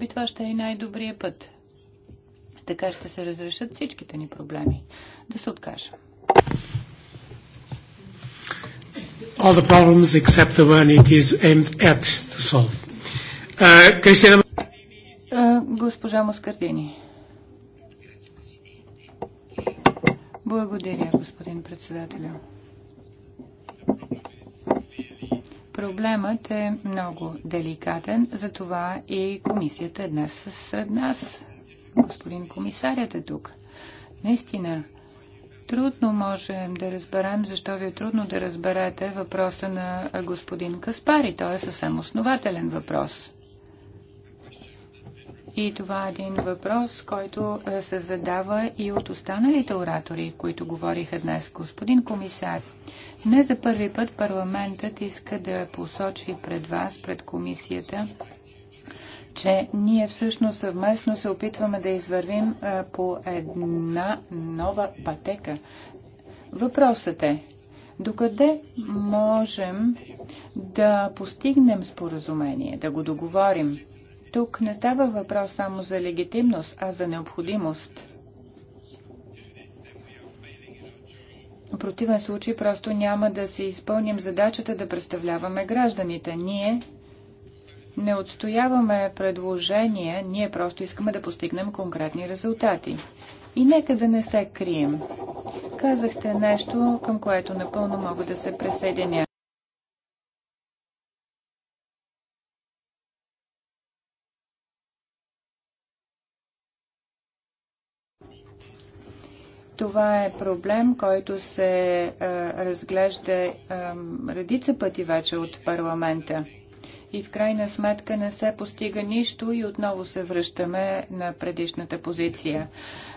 би това ще е и най-добрият път. Така ще се разрешат всичките ни проблеми. Да се откажем. All the problems except the one it is aimed at to solve. uh, uh госпожа Москардини. Благодаря, господин председателя. Проблемът е много деликатен, затова и комисията е днес сред нас. Господин комисарят е тук. Наистина, трудно можем да разберем, защо ви е трудно да разберете въпроса на господин Каспари. Той е съвсем основателен въпрос. И това е един въпрос, който е, се задава и от останалите оратори, които говориха днес. Господин комисар, не за първи път парламентът иска да посочи пред вас, пред комисията, че ние всъщност съвместно се опитваме да извървим е, по една нова пътека. Въпросът е, докъде можем да постигнем споразумение, да го договорим? Тук не става въпрос само за легитимност, а за необходимост. В противен случай просто няма да си изпълним задачата да представляваме гражданите. Ние не отстояваме предложения, ние просто искаме да постигнем конкретни резултати. И нека да не се крием. Казахте нещо, към което напълно мога да се присъединя. Това е проблем, който се а, разглежда а, редица пъти вече от парламента. И в крайна сметка не се постига нищо и отново се връщаме на предишната позиция.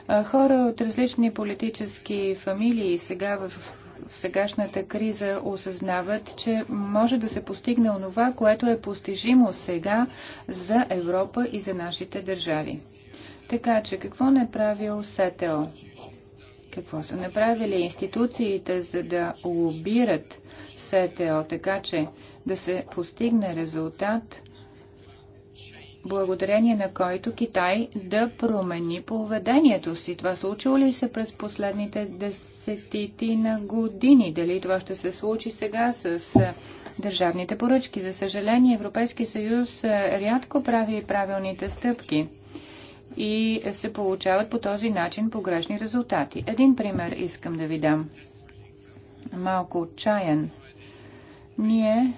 А, хора от различни политически фамилии сега в в сегашната криза осъзнават, че може да се постигне онова, което е постижимо сега за Европа и за нашите държави. Така че какво не е правил СТО? Какво са направили институциите, за да лобират СТО, така че да се постигне резултат, благодарение на който Китай да промени поведението си. Това случило ли се през последните десетити на години? Дали това ще се случи сега с държавните поръчки? За съжаление, Европейски съюз рядко прави правилните стъпки и се получават по този начин погрешни резултати. Един пример искам да ви дам. Малко отчаян. Ние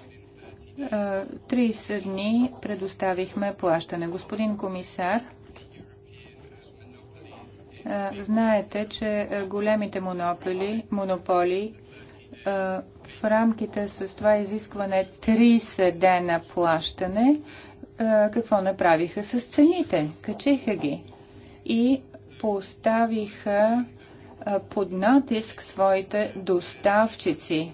30 дни предоставихме плащане. Господин комисар, знаете, че големите монополи, монополи в рамките с това изискване 30 дена плащане какво направиха с цените. Качиха ги и поставиха под натиск своите доставчици.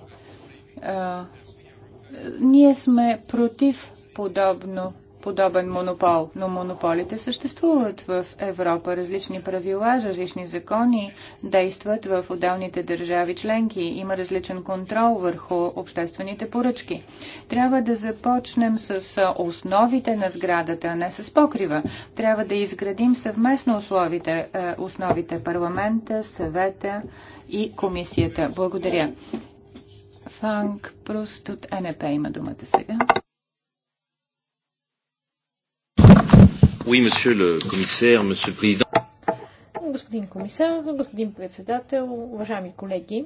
Ние сме против подобно подобен монопол, но монополите съществуват в Европа. Различни правила, различни закони действат в отделните държави членки. Има различен контрол върху обществените поръчки. Трябва да започнем с основите на сградата, а не с покрива. Трябва да изградим съвместно условите, е, основите парламента, съвета и комисията. Благодаря. Фанк Пруст от НП има думата сега. Oui, monsieur le monsieur le président. Господин комисар, господин председател, уважаеми колеги,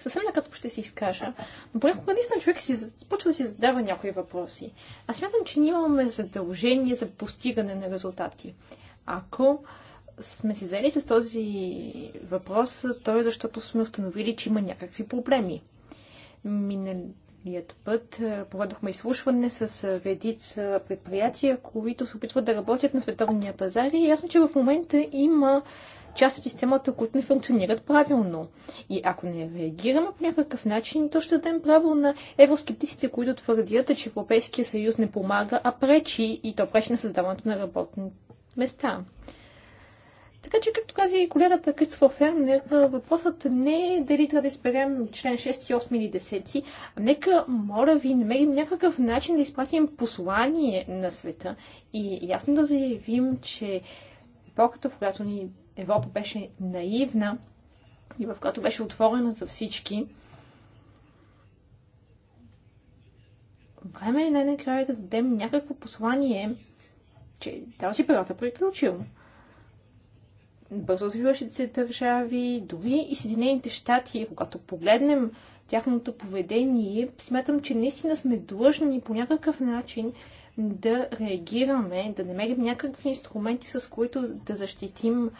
съвсем накратко ще се изкажа, но понякога наистина човек си започва да си задава някои въпроси. Аз смятам, че ние имаме задължение за постигане на резултати. Ако сме си заели с този въпрос, то е защото сме установили, че има някакви проблеми. Минали миналият път. Е, проведохме изслушване с е, редица предприятия, които се опитват да работят на световния пазар и е ясно, че в момента има част от системата, които не функционират правилно. И ако не реагираме по някакъв начин, то ще дадем право на евроскептиците, които твърдят, че Европейския съюз не помага, а пречи и то пречи на създаването на работни места. Така че, както каза и колегата Кристофър Фернер, въпросът не е дали трябва да изберем член 6, 8 или 10, а нека, моля ви, намерим някакъв начин да изпратим послание на света и ясно да заявим, че епохата, в която ни Европа беше наивна и в която беше отворена за всички, време е най-накрая да дадем някакво послание, че този период е приключил бързо развиващите се държави, дори и Съединените щати, когато погледнем тяхното поведение, смятам, че наистина сме длъжни по някакъв начин да реагираме, да намерим някакви инструменти, с които да защитим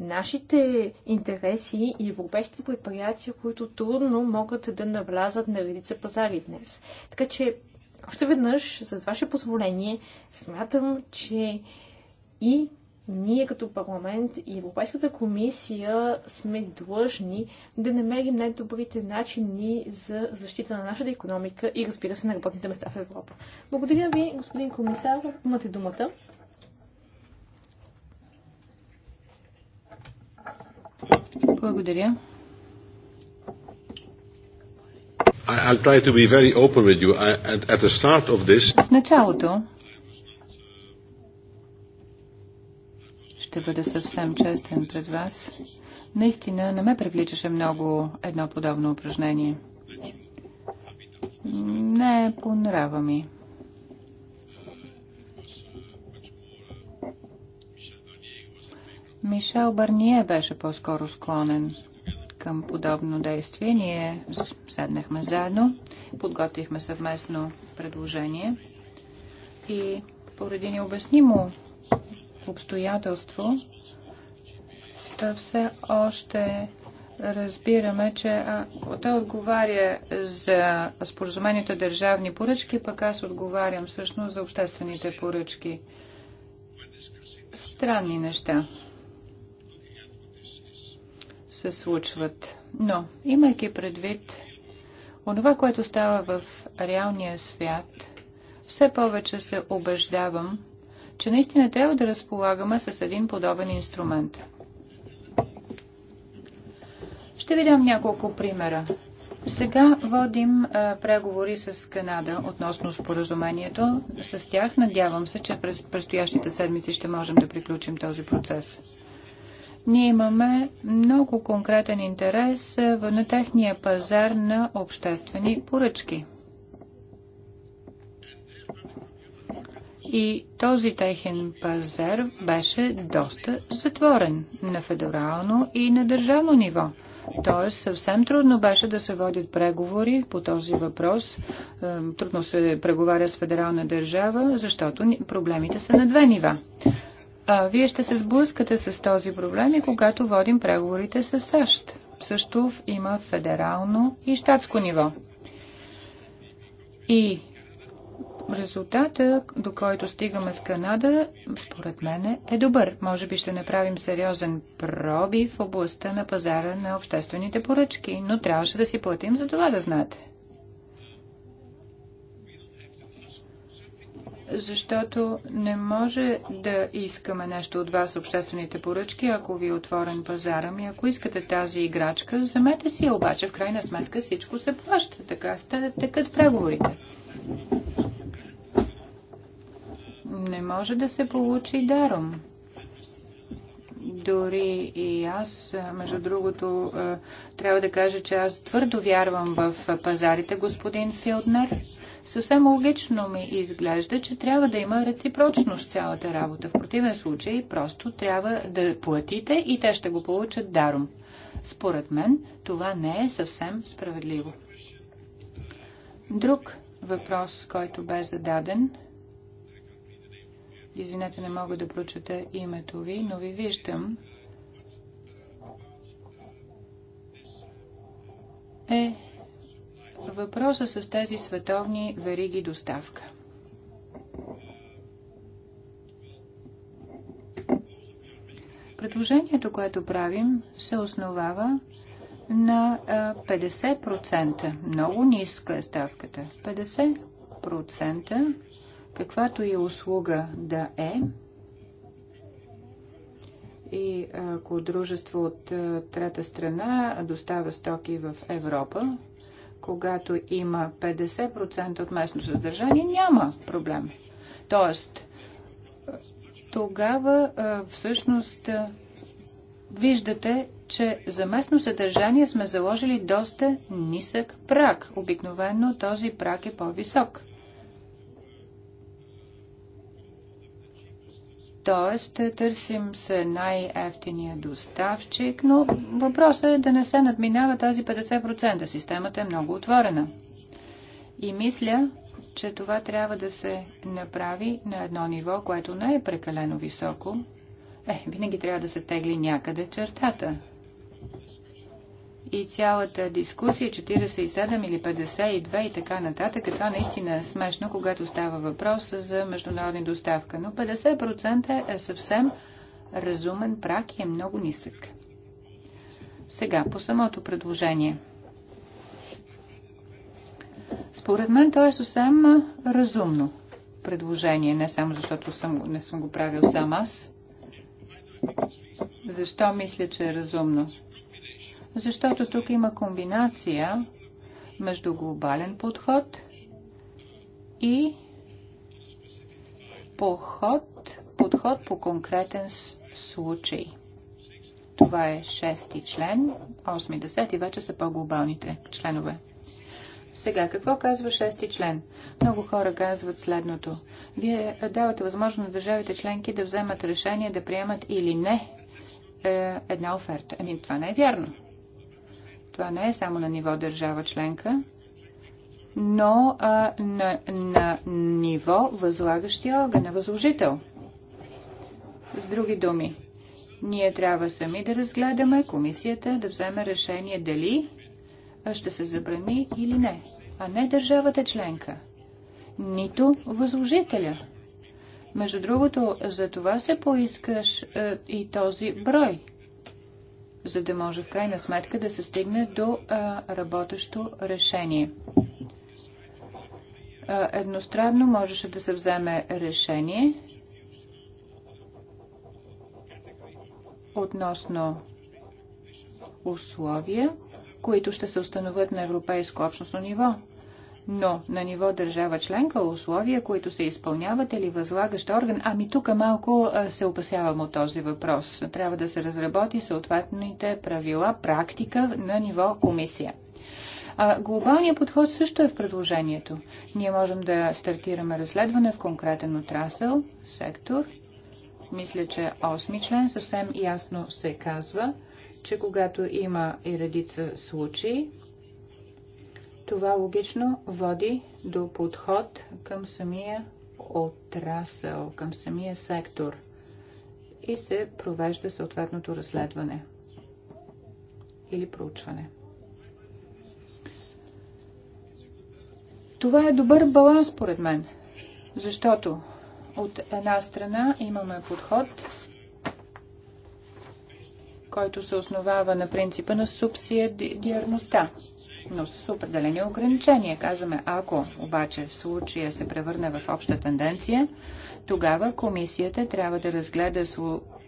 нашите интереси и европейските предприятия, които трудно могат да навлязат на редица пазари днес. Така че, още веднъж, с ваше позволение, смятам, че и ние като парламент и Европейската комисия сме длъжни да намерим най-добрите начини за защита на нашата економика и разбира се на работните места в Европа. Благодаря ви, господин комисар. Имате думата. Благодаря. I'll try to be very open with you. I, At the start of this... С началото ще бъда съвсем честен пред вас, наистина не ме привличаше много едно подобно упражнение. Не е по нрава ми. Мишел Барние беше по-скоро склонен към подобно действие. Ние седнахме заедно, подготвихме съвместно предложение и поради необяснимо обстоятелство, да все още разбираме, че ако той отговаря за споразумените държавни поръчки, пък аз отговарям всъщност за обществените поръчки. Странни неща се случват. Но, имайки предвид онова, което става в реалния свят, все повече се убеждавам, че наистина трябва да разполагаме с един подобен инструмент. Ще ви дам няколко примера. Сега водим а, преговори с Канада относно споразумението. С тях надявам се, че през предстоящите седмици ще можем да приключим този процес. Ние имаме много конкретен интерес на техния пазар на обществени поръчки – И този техен пазар беше доста затворен на федерално и на държавно ниво. Тоест съвсем трудно беше да се водят преговори по този въпрос. Трудно се преговаря с федерална държава, защото проблемите са на две нива. А вие ще се сблъскате с този проблем и когато водим преговорите с САЩ. Също има федерално и щатско ниво. И Резултата, до който стигаме с Канада, според мен е добър. Може би ще направим сериозен проби в областта на пазара на обществените поръчки, но трябваше да си платим за това да знаете. Защото не може да искаме нещо от вас обществените поръчки, ако ви е отворен пазара ми. Ако искате тази играчка, вземете си я, обаче в крайна сметка всичко се плаща. Така тъкат преговорите не може да се получи даром. Дори и аз, между другото, трябва да кажа, че аз твърдо вярвам в пазарите, господин Филднер. Съвсем логично ми изглежда, че трябва да има реципрочност цялата работа. В противен случай просто трябва да платите и те ще го получат даром. Според мен това не е съвсем справедливо. Друг въпрос, който бе зададен Извинете, не мога да прочета името ви, но ви виждам. Е въпроса с тези световни вериги доставка. Предложението, което правим, се основава на 50%. Много ниска е ставката. 50% каквато и услуга да е, и ако дружество от е, трета страна доставя стоки в Европа, когато има 50% от местно съдържание, няма проблем. Тоест, е, тогава е, всъщност виждате, че за местно съдържание сме заложили доста нисък прак. Обикновено този прак е по-висок. Тоест, търсим се най-ефтиния доставчик, но въпросът е да не се надминава тази 50%. Системата е много отворена. И мисля, че това трябва да се направи на едно ниво, което не е прекалено високо. Е, винаги трябва да се тегли някъде чертата и цялата дискусия 47 или 52 и така нататък, това наистина е смешно, когато става въпрос за международни доставка. Но 50% е съвсем разумен прак и е много нисък. Сега, по самото предложение. Според мен то е съвсем разумно предложение, не само защото съм, не съм го правил сам аз. Защо мисля, че е разумно? защото тук има комбинация между глобален подход и подход, подход по конкретен случай. Това е шести член, 8 и 10 и вече са по-глобалните членове. Сега, какво казва шести член? Много хора казват следното. Вие давате възможност на държавите членки да вземат решение да приемат или не е, една оферта. Ами, това не е вярно. Това не е само на ниво държава членка, но а, на, на ниво възлагащия орган, на възложител. С други думи, ние трябва сами да разгледаме комисията да вземе решение дали ще се забрани или не, а не държавата членка, нито възложителя. Между другото, за това се поискаш и този брой – за да може в крайна сметка да се стигне до а, работещо решение. А, едностранно можеше да се вземе решение относно условия, които ще се установят на европейско общностно ниво но на ниво държава членка условия, които се изпълняват или е възлагащ орган, ами тук малко се опасявам от този въпрос. Трябва да се разработи съответните правила, практика на ниво комисия. А глобалният подход също е в предложението. Ние можем да стартираме разследване в конкретен отрасъл, сектор. Мисля, че 8 член съвсем ясно се казва, че когато има и редица случаи, това логично води до подход към самия отрасъл, към самия сектор и се провежда съответното разследване или проучване. Това е добър баланс, според мен, защото от една страна имаме подход, който се основава на принципа на субсидиарността но с определени ограничения. Казваме, ако обаче случая се превърне в обща тенденция, тогава комисията трябва да разгледа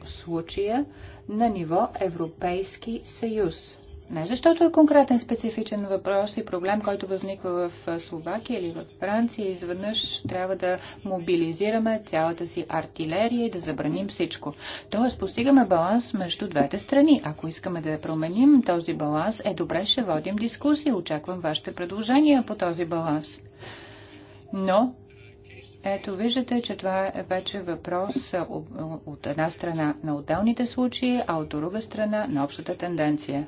случая на ниво Европейски съюз. Не защото е конкретен специфичен въпрос и проблем, който възниква в Словакия или в Франция, изведнъж трябва да мобилизираме цялата си артилерия и да забраним всичко. Тоест постигаме баланс между двете страни. Ако искаме да променим този баланс, е добре, ще водим дискусия. Очаквам вашите предложения по този баланс. Но ето, виждате, че това е вече въпрос от една страна на отделните случаи, а от друга страна на общата тенденция.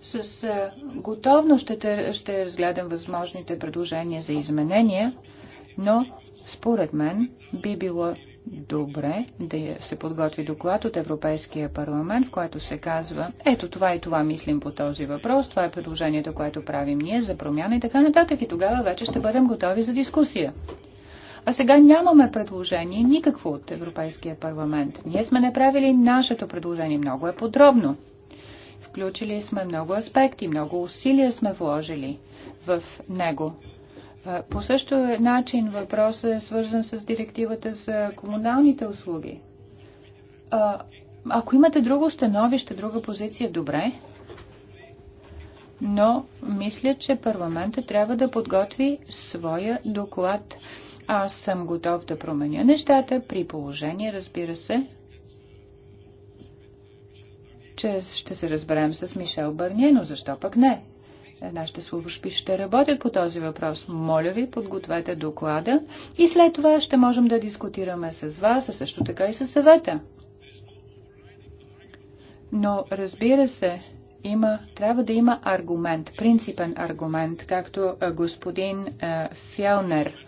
С готовно ще, ще разгледам възможните предложения за изменения, но според мен би било добре да се подготви доклад от Европейския парламент, в който се казва, ето това и това мислим по този въпрос, това е предложението, което правим ние за промяна и така нататък. И тогава вече ще бъдем готови за дискусия. А сега нямаме предложение никакво от Европейския парламент. Ние сме направили нашето предложение. Много е подробно. Включили сме много аспекти, много усилия сме вложили в него. По същия начин въпросът е свързан с директивата за комуналните услуги. А, ако имате друго становище, друга позиция, добре. Но мисля, че парламентът трябва да подготви своя доклад. Аз съм готов да променя нещата, при положение, разбира се, че ще се разберем с Мишел Бърние, но защо пък не? Е, нашите служби ще работят по този въпрос. Моля ви, подгответе доклада и след това ще можем да дискутираме с вас, а също така и с съвета. Но разбира се, има, трябва да има аргумент, принципен аргумент, както е, господин е, Фелнер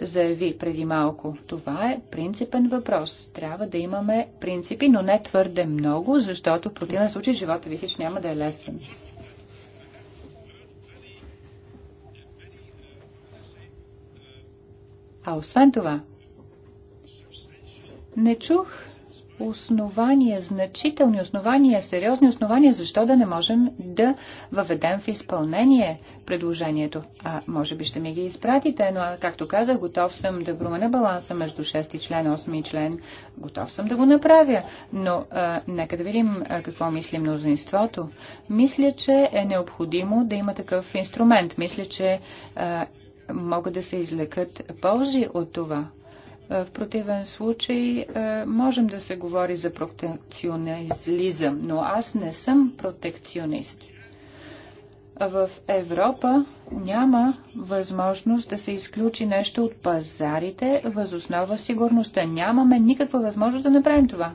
заяви преди малко. Това е принципен въпрос. Трябва да имаме принципи, но не твърде много, защото в противен случай живота ви хич няма да е лесен. А освен това, не чух основания, значителни основания, сериозни основания, защо да не можем да въведем в изпълнение предложението. А може би ще ми ги изпратите, но както казах, готов съм да променя баланса между 6 член, 8 член. Готов съм да го направя, но а, нека да видим а, какво мисли мнозинството. Мисля, че е необходимо да има такъв инструмент. Мисля, че а, могат да се излекат ползи от това. В противен случай можем да се говори за протекционизъм, но аз не съм протекционист в Европа няма възможност да се изключи нещо от пазарите възоснова сигурността. Нямаме никаква възможност да направим това.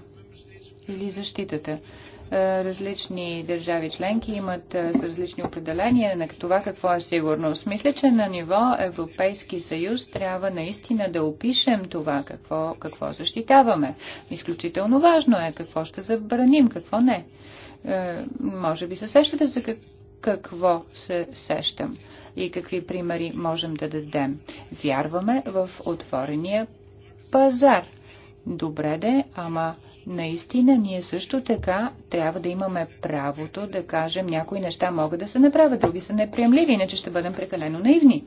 Или защитата. Е, различни държави членки имат е, различни определения на това какво е сигурност. Мисля, че на ниво Европейски съюз трябва наистина да опишем това какво, какво защитаваме. Изключително важно е какво ще забраним, какво не е, може би се сещате за какво се сещам и какви примери можем да дадем. Вярваме в отворения пазар. Добре де, ама наистина ние също така трябва да имаме правото да кажем някои неща могат да се направят, други са неприемливи, иначе ще бъдем прекалено наивни.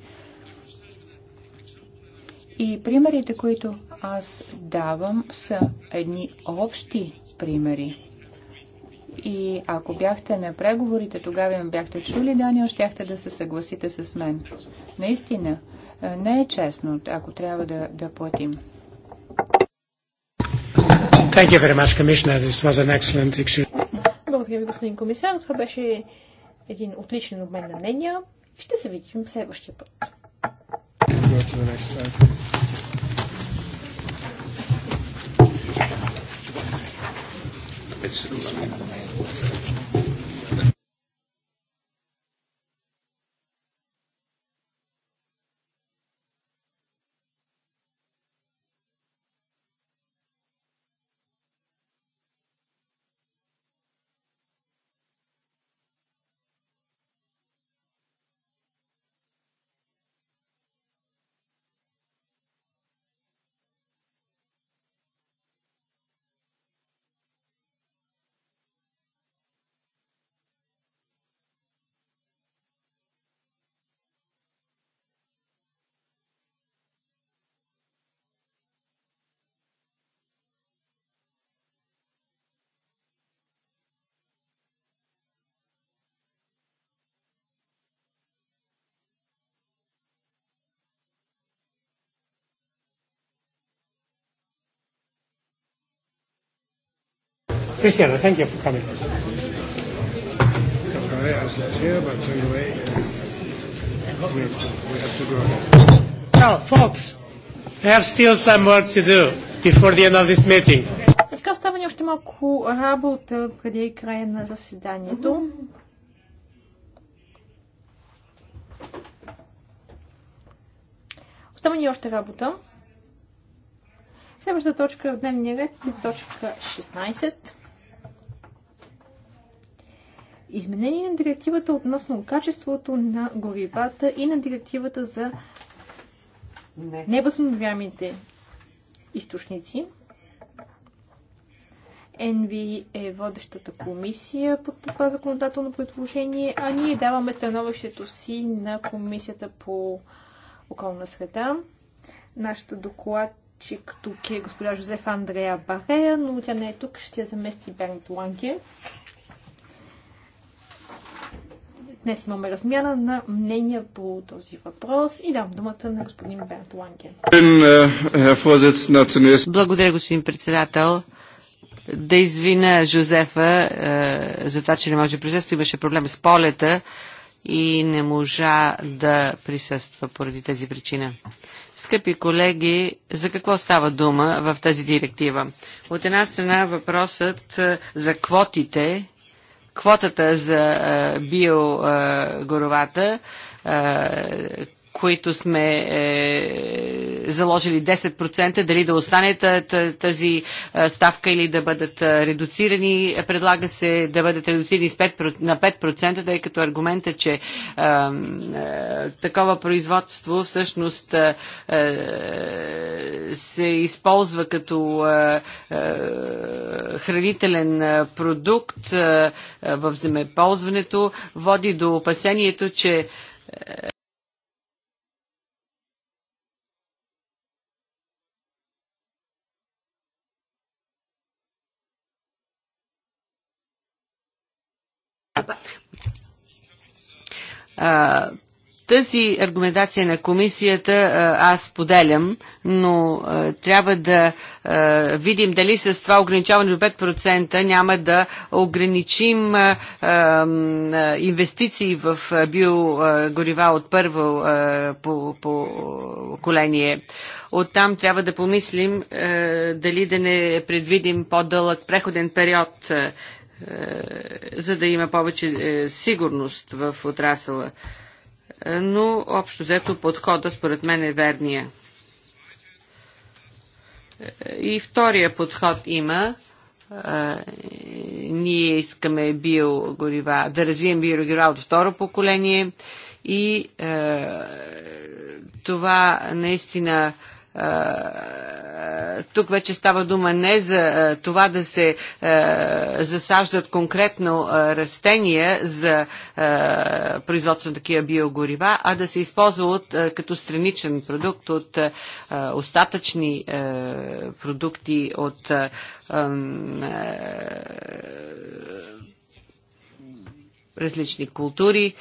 И примерите, които аз давам, са едни общи примери и ако бяхте на преговорите, тогава им бяхте чули, Даниел, щяхте да се съгласите с мен. Наистина, е, не е честно, ако трябва да, да платим. Thank you very much, Commissioner. This was an excellent exchange. Благодаря ви, господин комисар. Това беше един отличен обмен на мнения. Ще се видим следващия път. it's Christiana, thank you for coming. Now, folks, I have still some work to do before the end of this meeting. Така остава ни още малко работа преди края на заседанието. Остава ни още работа. Следващата точка в дневния ред е точка 16 изменение на директивата относно качеството на горивата и на директивата за невъзобновяемите източници. НВИ е водещата комисия под това законодателно предложение, а ние даваме становището си на комисията по околна среда. Нашата докладчик тук е госпожа Жозеф Андрея Барея, но тя не е тук, ще я замести Бернт Ланке. Днес имаме размяна на мнения по този въпрос и дам думата на господин Берт Ланген. Благодаря, господин председател. Да извина Жозефа е, за това, че не може да присъства. Имаше проблем с полета и не можа да присъства поради тази причина. Скъпи колеги, за какво става дума в тази директива? От една страна въпросът е, за квотите квотата за биогоровата, които сме е, заложили 10%, дали да остане тази е, ставка или да бъдат е, редуцирани. Предлага се да бъдат редуцирани с 5, на 5%, тъй като аргумента, че е, е, такова производство всъщност е, е се използва като е, е, хранителен продукт е, в земеползването, води до опасението, че Е, тази аргументация на комисията е, аз поделям, но е, трябва да видим дали с това ограничаване до 5% няма да ограничим инвестиции в биогорива от първо поколение. Оттам трябва да помислим дали да не предвидим по-дълъг преходен период е, за да има повече е, сигурност в отрасъла. Е, но общо взето подхода според мен е верния. И втория подход има. Ние искаме биогорива, да развием биогорива от второ поколение и това наистина тук вече става дума не за това да се засаждат конкретно растения за производство на такива биогорива, а да се използва от, като страничен продукт от остатъчни продукти от различни култури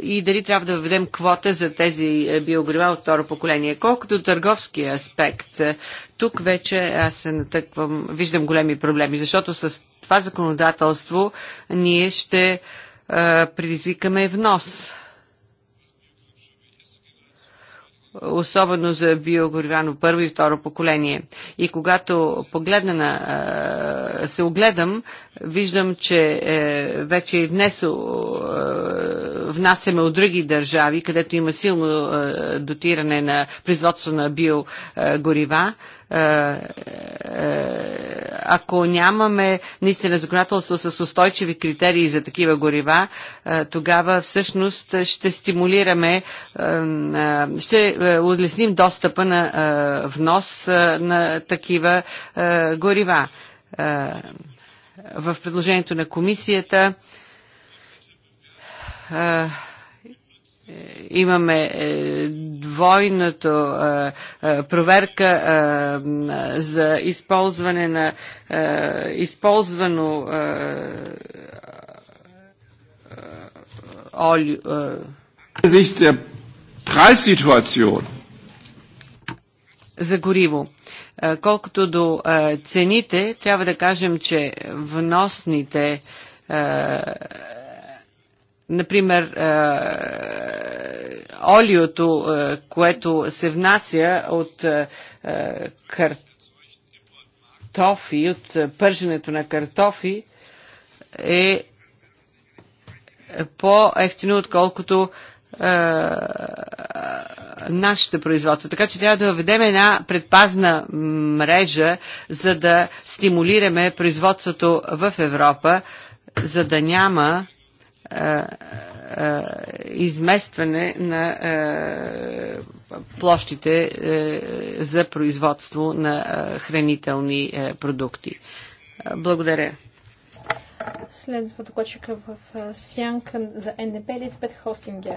и дали трябва да въведем квота за тези е, биогрива от второ поколение. Колкото търговския аспект, е, тук вече аз се натъквам, виждам големи проблеми, защото с това законодателство ние ще е, предизвикаме внос особено за биогоривано първо и второ поколение. И когато погледна на, се огледам, виждам, че е, вече и днес е, внасяме от други държави, където има силно е, дотиране на производство на биогорива. Е, е, ако нямаме наистина законодателство с устойчиви критерии за такива горива, е, тогава всъщност ще стимулираме, ще улесним достъпа на внос на такива горива. В предложението на комисията имаме е, двойната е, е, проверка за използване на използвано олио. За гориво. Колкото до цените, трябва да кажем, че вносните Например, е, олиото, е, което се внася от е, картофи, от пърженето на картофи, е по-ефтино, отколкото нашите производства. Така че трябва да въведем една предпазна мрежа, за да стимулираме производството в Европа, за да няма изместване на площите е, за производство на хранителни е, продукти. Благодаря. Следва докладчика в сянка за НДП Лицбет Хостингер.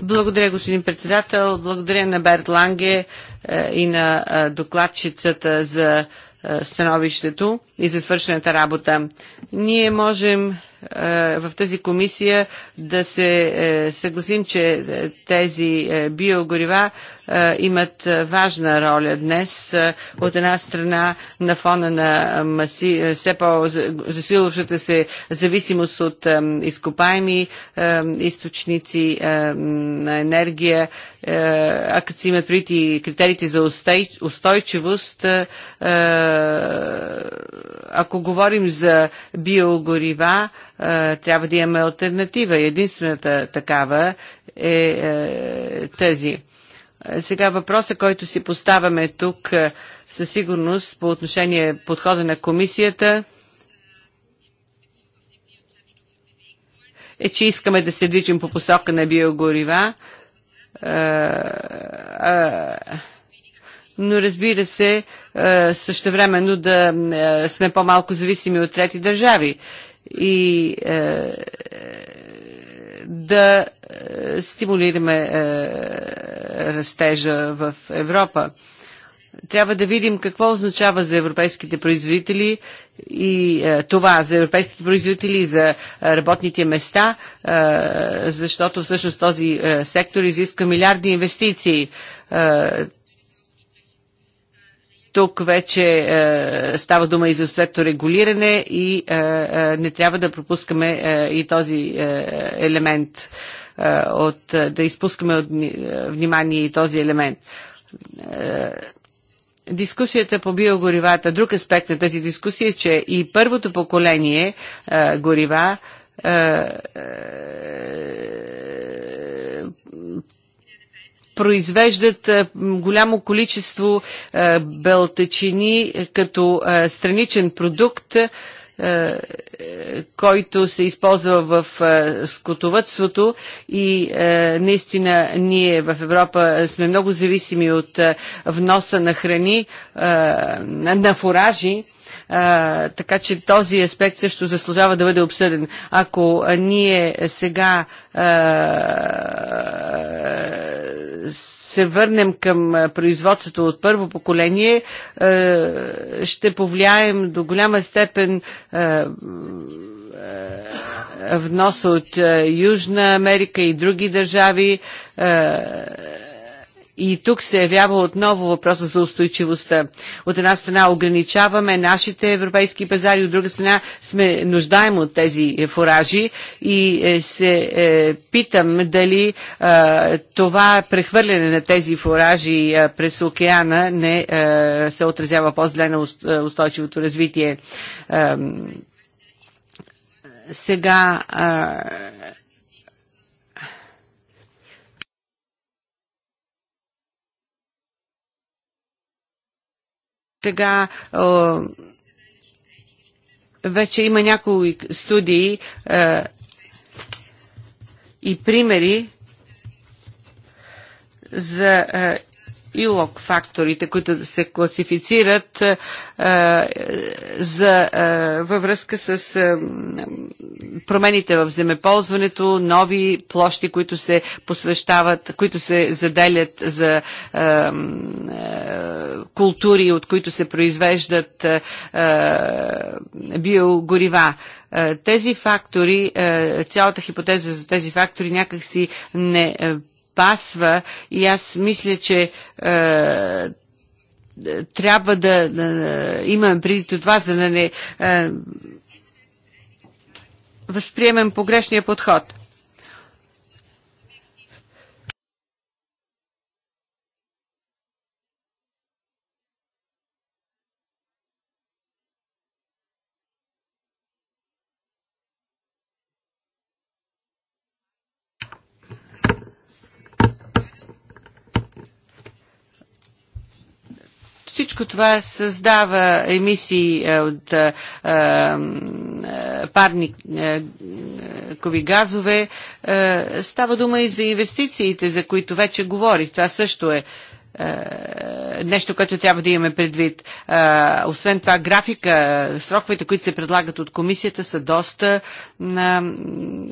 Е, благодаря, господин председател. Благодаря на Берт Ланге и на докладчицата за становището и за свършената работа. Ние можем е, в тази комисия да се е, съгласим, че е, тези биогорива е, имат е, важна роля днес. Е, от една страна на фона на маси, все по-засилващата се зависимост от изкопаеми източници на енергия, ако си имат прити критериите за устойчивост, ако говорим за биогорива, трябва да имаме альтернатива. Единствената такава е тази. Е, сега въпросът, който си поставяме тук е, със сигурност по отношение подхода на комисията, е, че искаме да се движим по посока на биогорива. Е, но разбира се, също времено да сме по-малко зависими от трети държави. И да е, стимулираме е, растежа в Европа. Трябва да видим какво означава за европейските производители и е, това за европейските производители и за работните места, е, защото всъщност този е, сектор изиска милиарди инвестиции. Е, тук вече е, става дума и за регулиране и е, е, не трябва да пропускаме е, и този е, елемент, е, от, да изпускаме от е, внимание и този елемент. Е, дискусията по биогоривата, друг аспект на тази дискусия е, че и първото поколение е, горива е, е, произвеждат е, голямо количество е, белтъчини е, като страничен продукт, който се използва в скотовътството и наистина ние в Европа сме много зависими от вноса на храни, на фуражи а, така че този аспект също заслужава да бъде обсъден. Ако ние сега а, се върнем към производството от първо поколение, ще повлияем до голяма степен вноса от Южна Америка и други държави и тук се явява отново въпроса за устойчивостта. От една страна ограничаваме нашите европейски пазари, от друга страна сме нуждаем от тези фуражи и е, се е, питам дали е, това прехвърляне на тези фуражи е, през океана не е, се отразява по-зле на е, устойчивото развитие. Сега Така, вече има някои студии е, и примери за и лок факторите, които се класифицират за, във връзка с промените в земеползването, нови площи, които се посвещават, които се заделят за култури, от които се произвеждат биогорива тези фактори, цялата хипотеза за тези фактори някакси не пасва и аз мисля, че е, трябва да, е, имаме преди това, за да не е, възприемем погрешния подход. Всичко това създава емисии е, от е, е, парникови газове. Става дума и за инвестициите, за които вече говорих. Това също е нещо, което трябва да имаме предвид. Освен това, графика, сроковете, които се предлагат от комисията, са доста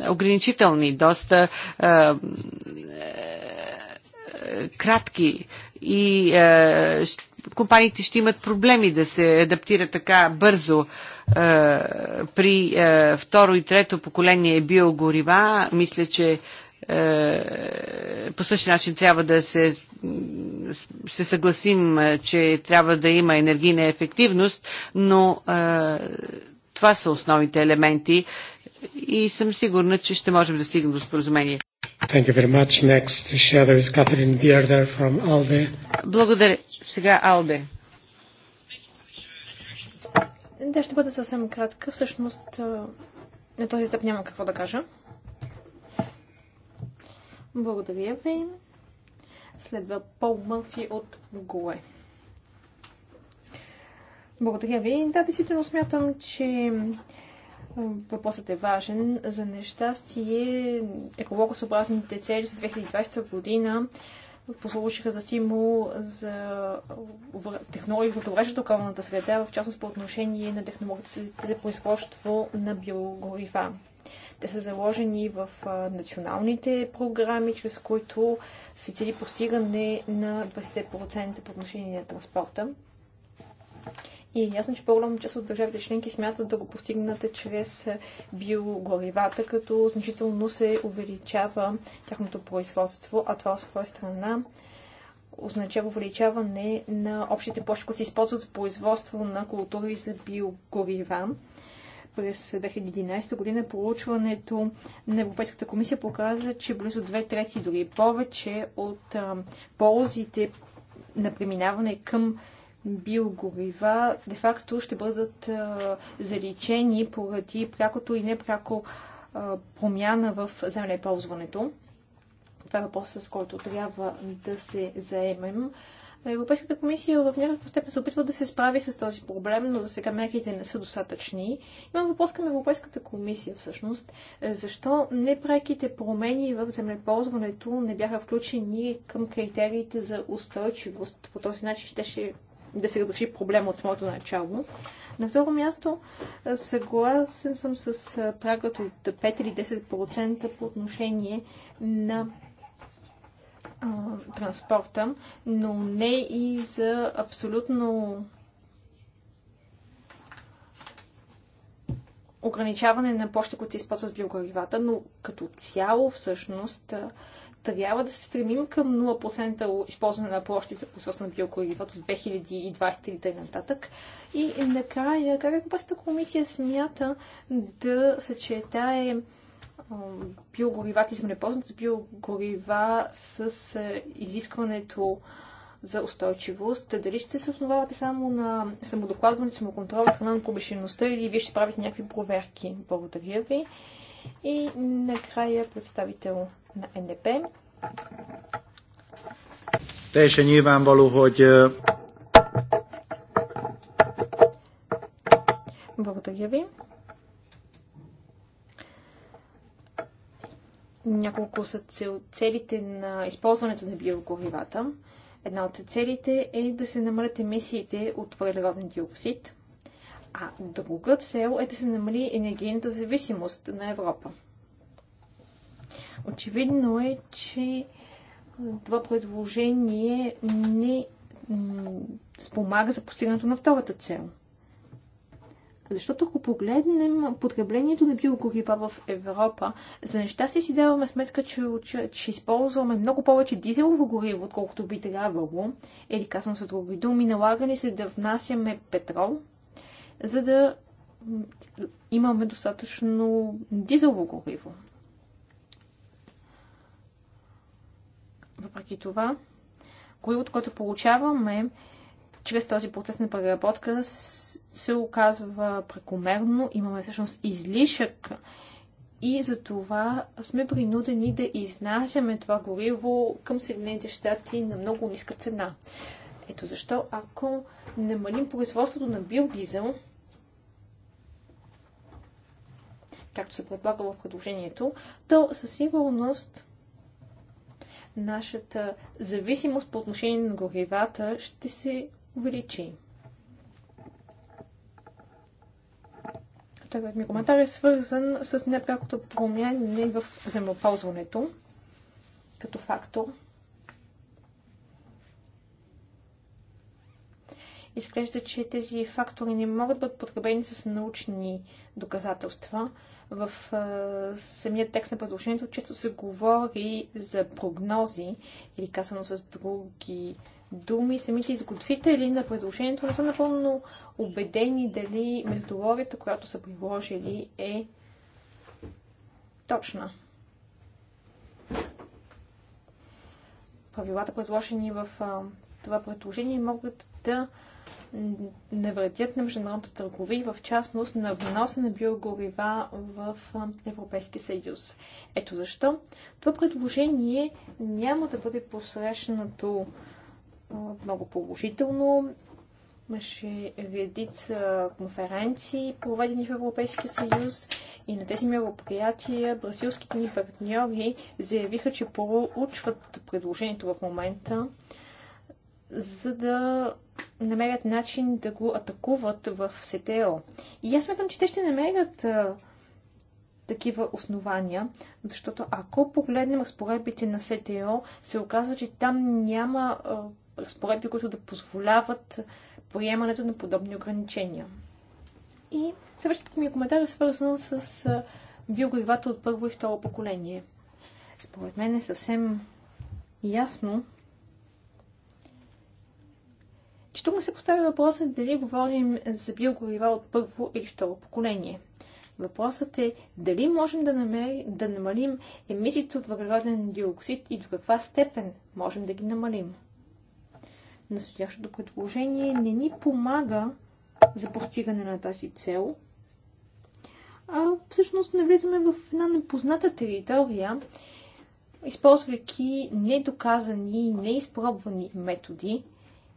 ограничителни, доста кратки и е, компаниите ще имат проблеми да се адаптират така бързо е, при е, второ и трето поколение биогорива. Мисля, че е, по същия начин трябва да се, се съгласим, е, че трябва да има енергийна ефективност, но е, това са основните елементи и съм сигурна, че ще можем да стигнем до споразумение. Thank you very much. Next shadow is Catherine Bearder from ALDE. Благодаря. Сега ALDE. Да, ще бъда съвсем кратка. Всъщност, на този етап няма какво да кажа. Благодаря ви. Следва Пол Мънфи от Гуе. Благодаря ви. Да, действително смятам, че Въпросът е важен. За нещастие екологосъобразните цели за 2020 година послужиха за стимул за технологии, които вреждат околната среда, в частност по отношение на технологията за производство на биогорива. Те са заложени в националните програми, чрез които се цели постигане на 20% по отношение на транспорта. И е ясно, че по-голяма част от държавите членки смятат да го постигнат чрез е, биогоривата, като значително се увеличава тяхното производство, а това от своя страна означава увеличаване на общите площи, които се използват за производство на култури за биогорива. През 2011 година проучването на Европейската комисия показа, че близо две трети, дори повече от е, ползите на преминаване към биогорива де-факто ще бъдат заличени поради прякото и непряко промяна в землеползването. Това е въпрос, с който трябва да се заемем. Европейската комисия в някаква степен се опитва да се справи с този проблем, но за сега мерките не са достатъчни. Имам въпрос към Европейската комисия всъщност. Защо непреките промени в землеползването не бяха включени към критериите за устойчивост? По този начин ще, ще да се разреши проблема от самото начало. На второ място, съгласен съм с прагът от 5 или 10% по отношение на а, транспорта, но не и за абсолютно ограничаване на площа, които се използват биогоривата, но като цяло всъщност трябва да се стремим към 0% използване на площи за посос на биогорива от 2020 или нататък И накрая, как е Европейската комисия смята да съчетае биогоривата, изменепознат с биогорива с изискването за устойчивост. Дали ще се основавате само на самодокладване, самоконтрол страна на публичността или вие ще правите някакви проверки? Благодаря ви. И накрая представител на НДП. Teljesen nyilvánvaló, hogy е, Благодаря ви. Няколко са целите на използването на биогоривата. Една от целите е да се намалят емисиите от въглероден диоксид, а друга цел е да се намали енергийната зависимост на Европа. Очевидно е, че това предложение не спомага за постигането на втората цел – защото ако погледнем потреблението на биогорива в Европа, за нещастие си даваме сметка, че, че, че използваме много повече дизелово гориво, отколкото би трябвало. Или казвам с други думи, налагани се да внасяме петрол, за да имаме достатъчно дизелово гориво. Въпреки това, горивото, което получаваме, чрез този процес на преработка се оказва прекомерно, имаме всъщност излишък и за това сме принудени да изнасяме това гориво към Съединените щати на много ниска цена. Ето защо, ако намалим производството на биодизел, както се предлага в предложението, то със сигурност нашата зависимост по отношение на горивата ще се увеличи. Вторият ми е коментар е свързан с непрякото промяне в земеползването като фактор. Изглежда, че тези фактори не могат да бъдат подкрепени с научни доказателства, в самия текст на предложението често се говори за прогнози или казано с други думи. Самите изготвители на предложението не са напълно убедени дали методологията, която са приложили е точна. Правилата, предложени в това предложение, могат да не вредят на международната търговия и в частност на вноса на биогорива в Европейския съюз. Ето защо това предложение няма да бъде посрещнато много положително. Имаше редица конференции, проведени в Европейския съюз и на тези мероприятия бразилските ни партньори заявиха, че проучват предложението в момента за да намерят начин да го атакуват в СТО. И аз смятам, че те ще намерят а, такива основания, защото ако погледнем разпоредбите на СТО, се оказва, че там няма а, разпоредби, които да позволяват приемането на подобни ограничения. И следващият ми коментар е свързан с а, биогривата от първо и второ поколение. Според мен е съвсем ясно, че тук се поставя въпросът дали говорим за биогорива от първо или второ поколение. Въпросът е дали можем да, намерим, да намалим емисиите от въглероден диоксид и до каква степен можем да ги намалим. Настоящото предложение не ни помага за постигане на тази цел, а всъщност навлизаме в една непозната територия, използвайки недоказани, неизпробвани методи,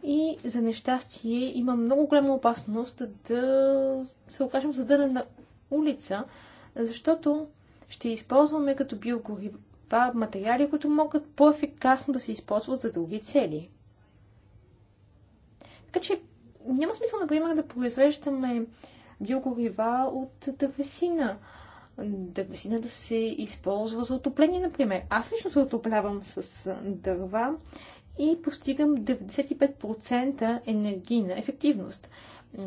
и за нещастие има много голяма опасност да се окажем задънена на улица, защото ще използваме като биогорива материали, които могат по-ефикасно да се използват за други цели. Така че няма смисъл, например, да произвеждаме биогорива от дървесина. Дървесина да се използва за отопление, например. Аз лично се отоплявам с дърва и постигам 95% енергийна ефективност.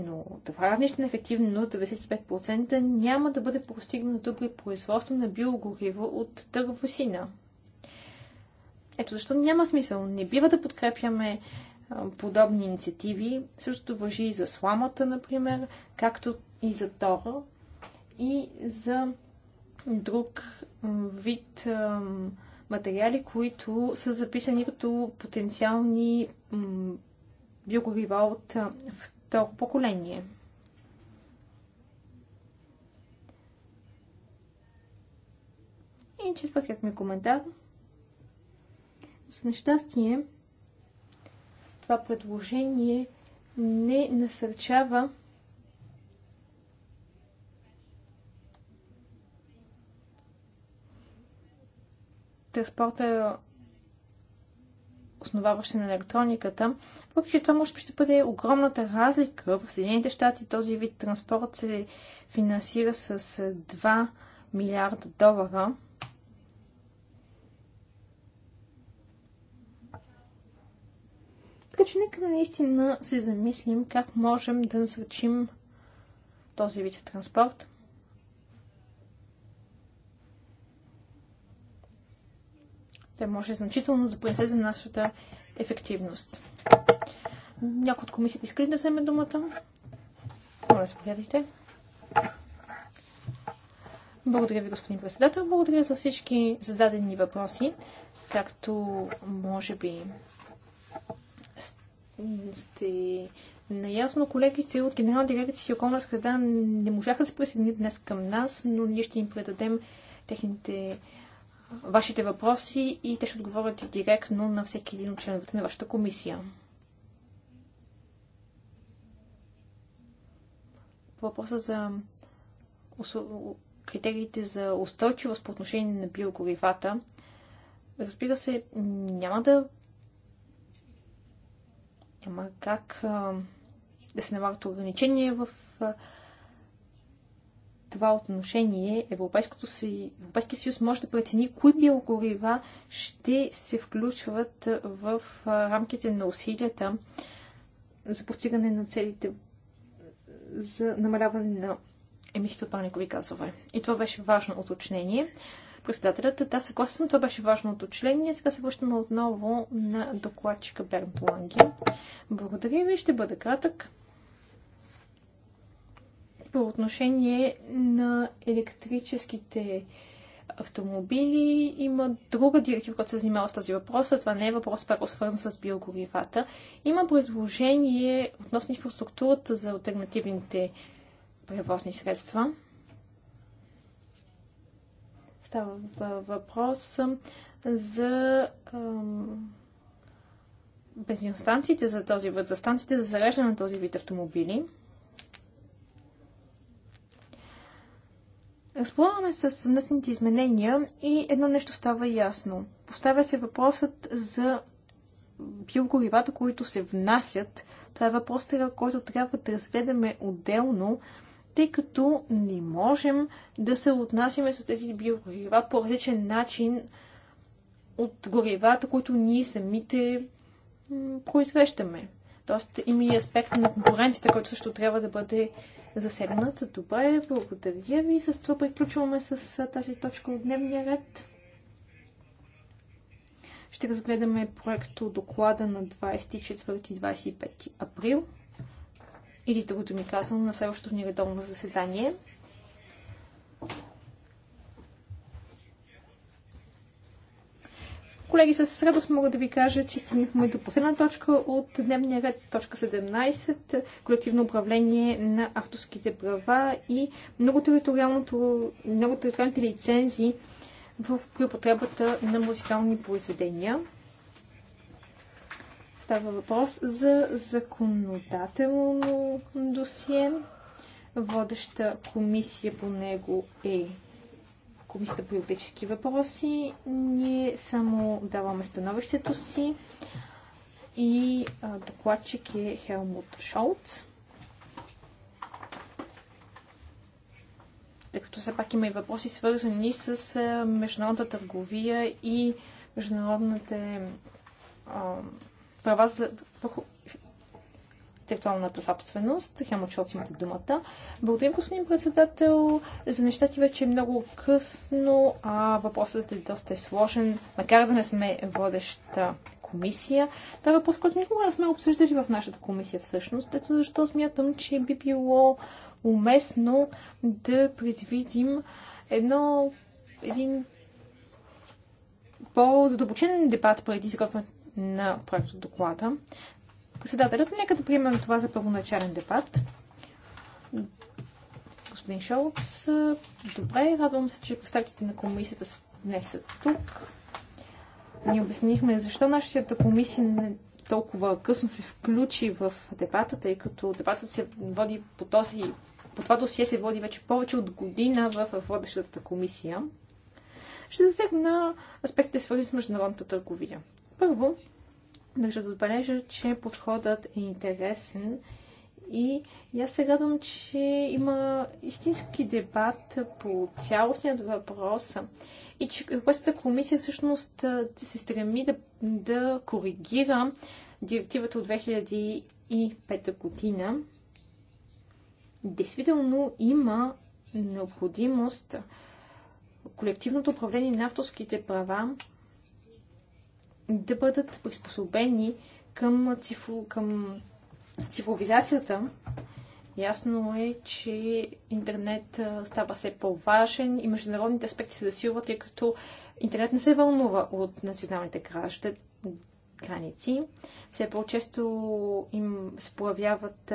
Но това равнище на ефективност 95% няма да бъде постигнато при производство на биогориво от дървосина. Ето защо няма смисъл. Не бива да подкрепяме подобни инициативи. Същото въжи и за сламата, например, както и за тора и за друг вид ам, материали, които са записани като потенциални биогорива от второ поколение. И четвъртият ми коментар. За нещастие, това предложение не насърчава транспорта, основаващ се на електрониката, въпреки че това може би ще бъде огромната разлика. В Съединените щати този вид транспорт се финансира с 2 е, милиарда долара. Така че нека наистина се замислим как можем да насърчим този вид транспорт. Те може значително да принесе за нашата ефективност. Някой от комисията иска да вземе думата? Моля, заповядайте. Благодаря ви, господин председател. Благодаря за всички зададени въпроси. Както може би сте наясно, колегите от Генерална дирекция околна среда не можаха да се присъединят днес към нас, но ние ще им предадем техните вашите въпроси и те ще отговорят директно на всеки един от членовете на вашата комисия. По въпроса за критериите за устойчивост по отношение на биогоривата, разбира се, няма да няма как а, да се налагат ограничения в а, това отношение Европейското си, Европейски съюз може да прецени кои биогорива ще се включват в рамките на усилията за постигане на целите за намаляване на емисията от парникови газове. И това беше важно уточнение. Председателят, да, съгласен съм, това беше важно уточнение. Сега се връщаме отново на докладчика Бернт Ланги. Благодаря ви, ще бъда кратък по отношение на електрическите автомобили има друга директива, която се занимава с този въпрос, а това не е въпрос, пак свързан с биогоривата. Има предложение относно инфраструктурата за альтернативните превозни средства. Става въпрос за бензиностанциите за този вид, за станциите за зареждане на този вид автомобили. Разполагаме с съвместните изменения и едно нещо става ясно. Поставя се въпросът за биогоривата, които се внасят. Това е въпросът, който трябва да разгледаме отделно, тъй като не можем да се отнасяме с тези биогорива по различен начин от горивата, които ние самите произвеждаме. Тоест има и аспект на конкуренцията, който също трябва да бъде това Добре, благодаря ви. С това приключваме с тази точка от дневния ред. Ще разгледаме проекто доклада на 24-25 април или с другото ми казвам на следващото ни редовно заседание. Колеги, с радост мога да ви кажа, че стигнахме до последна точка от дневния ред, точка 17, колективно управление на авторските права и многотериториалните лицензии в употребата на музикални произведения. Става въпрос за законодателно досие. Водеща комисия по него е Комисията по юридически въпроси. Ние само даваме становището си и докладчик е Хелмут Шолц. Тъй като все пак има и въпроси свързани с международната търговия и международните права за, интелектуалната собственост. Хемо Чолц имате думата. Благодарим, господин председател. За нещата вече е много късно, а въпросът е доста е сложен, макар да не сме водеща комисия. Това е въпрос, който никога не сме обсъждали в нашата комисия всъщност. Ето защо смятам, че би било уместно да предвидим едно, един по задобочен дебат преди изготвянето на проекта доклада. Председателят, нека да приемем това за първоначален дебат. Господин Шолц, добре, радвам се, че представителите на комисията днес са тук. Ни обяснихме защо нашата комисия не толкова късно се включи в дебата, тъй като дебатът се води по този по това досие се води вече повече от година в водещата комисия. Ще засегна аспектите свързани с международната търговия. Първо, Държа да отбележа, че подходът е интересен и, аз се радвам, че има истински дебат по цялостният въпрос и че Европейската комисия всъщност се стреми да, да коригира директивата от 2005 година. Действително има необходимост колективното управление на авторските права да бъдат приспособени към, цифро, към цифровизацията. Ясно е, че интернет става все по-важен и международните аспекти се засилват, тъй като интернет не се вълнува от националните граници. Все по-често им се появяват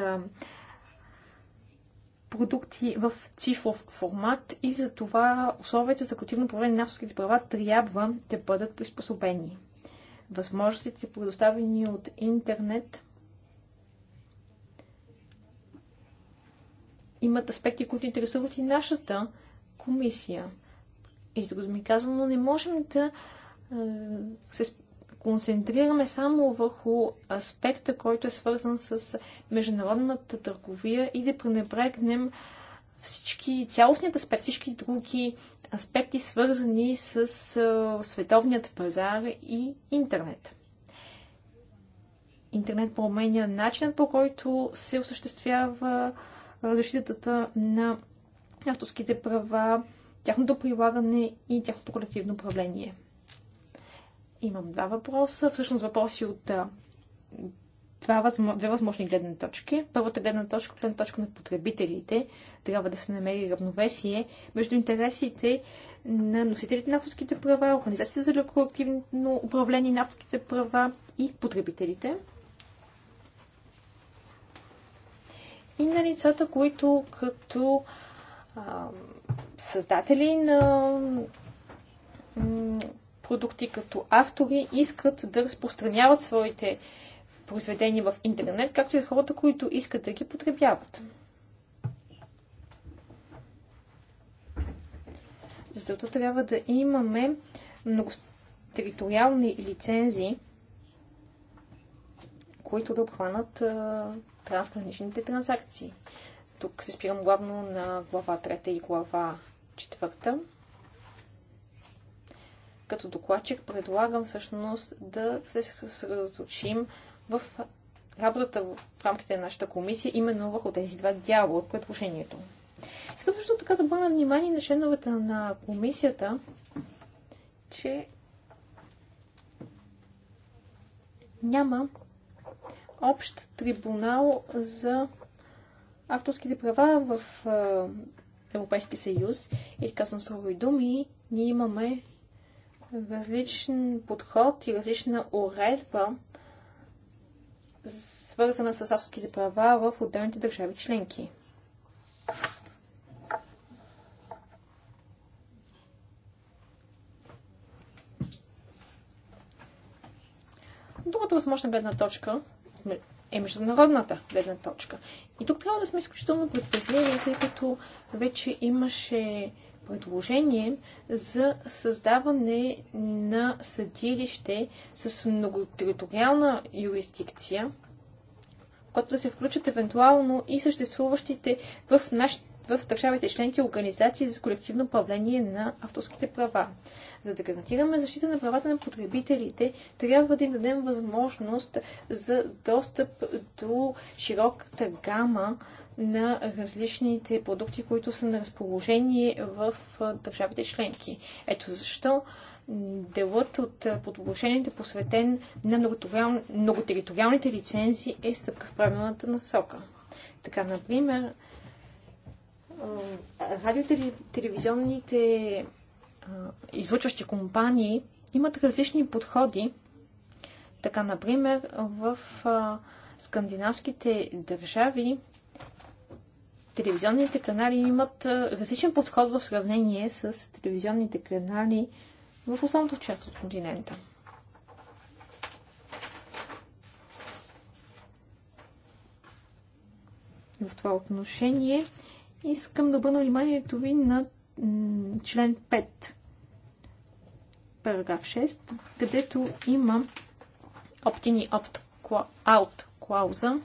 продукти в цифров формат и за това условията за активно управление на авторските права трябва да бъдат приспособени възможностите, предоставени от интернет, имат аспекти, които интересуват и нашата комисия. И за ми казвам, не можем да се концентрираме само върху аспекта, който е свързан с международната търговия и да пренебрегнем всички, цялостният аспект, всички други аспекти, свързани с световният пазар и интернет. Интернет променя начинът по който се осъществява защитата на авторските права, тяхното прилагане и тяхното колективно управление. Имам два въпроса, всъщност въпроси от това две възможни гледни точки. Първата гледна точка, гледна точка на потребителите, трябва да се намери равновесие между интересите на носителите на авторските права, Организацията за реколективно управление на авторските права и потребителите. И на лицата, които като а, създатели на продукти, като автори, искат да разпространяват своите произведения в интернет, както и за хората, които искат да ги потребяват. Защото трябва да имаме много териториални лицензии, които да обхванат а, трансграничните транзакции. Тук се спирам главно на глава 3 и глава 4. Като докладчик предлагам всъщност да се съсредоточим в работата в рамките на нашата комисия, именно върху тези два дяла от предложението. Искам също така да бъда внимание на членовете на комисията, че няма общ трибунал за авторските права в Европейски съюз. Или казвам строго и думи, ние имаме различен подход и различна уредба свързана с авторските права в отделните държави членки. Другата възможна гледна точка е международната гледна точка. И тук трябва да сме изключително предпазливи, тъй като вече имаше предложение за създаване на съдилище с многотериториална юрисдикция, в което да се включат евентуално и съществуващите в, наш... в държавите членки организации за колективно управление на авторските права. За да гарантираме защита на правата на потребителите, трябва да им дадем възможност за достъп до широката гама на различните продукти, които са на разположение в държавите членки. Ето защо делът от подобрушението, е посветен на многотериториалните лицензии, е стъпка в правилната насока. Така, например, радиотелевизионните излъчващи компании имат различни подходи. Така, например, в скандинавските държави телевизионните канали имат различен подход в сравнение с телевизионните канали в основната част от континента. В това отношение искам да обърна вниманието ви на член 5, параграф 6, където има opt-in и opt-out клауза.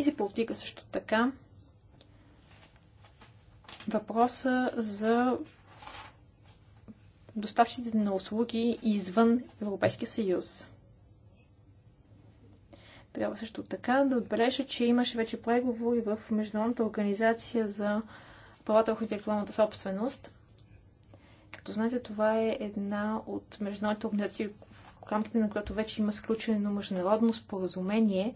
И се повдига също така въпроса за доставчите на услуги извън Европейския съюз. Трябва също така да отбележа, че имаше вече преговори в Международната организация за правата върху интелектуалната собственост. Като знаете, това е една от международните организации, в рамките на която вече има сключено международно споразумение